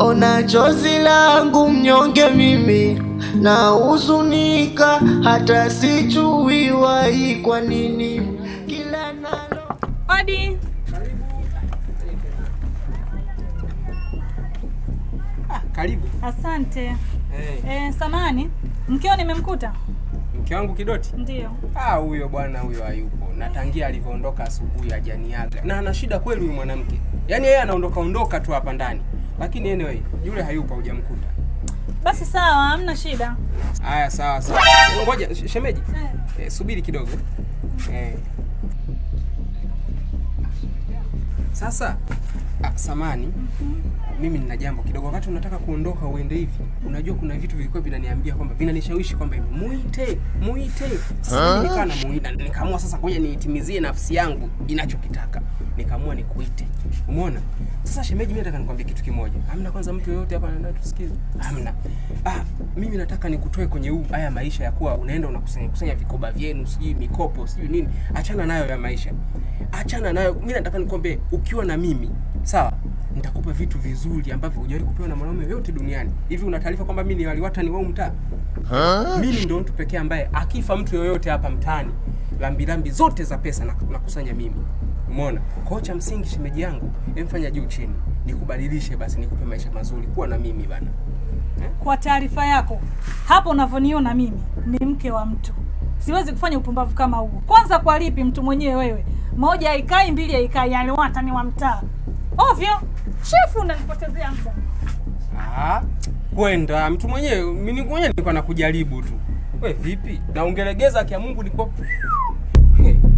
Ona chozi langu mnyonge mimi na huzunika, hata sijui wai kwa nini kila nalo Odi. Ah, karibu. Asante. Hey. Eh. E, eh, samani mkeo nimemkuta? Mke wangu Kidoti? Ndio. Ah, huyo bwana huyo hayupo, na tangia alivyoondoka asubuhi hajaniaga, na ana shida kweli huyu mwanamke, yaani yeye anaondoka ondoka tu hapa ndani lakini anyway, yule hayupo, hujamkuta. Basi sawa, hamna shida. Haya, sawa sawa, ngoja shemeji, eh. eh, subiri kidogo eh. Sasa ah, samani mm -hmm. Mimi nina jambo kidogo. Wakati unataka kuondoka uende hivi, unajua kuna vitu vilikuwa vinaniambia kwamba vinanishawishi kwamba muite muite. Sasa nikamuita nikaamua sasa, ngoja niitimizie nafsi yangu inachokitaka, nikaamua nikuite Umeona? Sasa shemeji, mimi nataka nikwambie kitu kimoja. Hamna kwanza mtu yoyote hapa tusikize. Hamna. Ah, mimi nataka nikutoe kwenye huu haya maisha ya kuwa unaenda unakusanya kusanya vikoba vyenu, sijui mikopo, sijui nini. Achana nayo ya maisha. Achana nayo. Mimi nataka nikwambie ukiwa na mimi, sawa? Nitakupa vitu vizuri ambavyo hujawahi kupewa na mwanaume yote duniani. Hivi una taarifa kwamba mimi ni waliwatani wao mtaa? Mimi ndio mtu pekee ambaye akifa mtu yoyote hapa mtaani, lambilambi zote za pesa na, kusanya mimi. Umeona? Kwa cha msingi shemeji yangu, emfanya juu chini, nikubadilishe basi, nikupe maisha mazuri, kuwa na mimi bana. Eh? Kwa taarifa yako, hapo unavyoniona mimi ni mke wa mtu, siwezi kufanya upumbavu kama huo. Kwanza kwa lipi? Mtu mwenyewe wewe, moja haikai, mbili haikai, yani ni wa mtaa ovyo. chefu unanipotezea muda. Ah, kwenda mtu mwenyewe. Mimi mwenyewe nilikuwa nakujaribu tu. We vipi? Na ungelegeza kia Mungu nilikuwa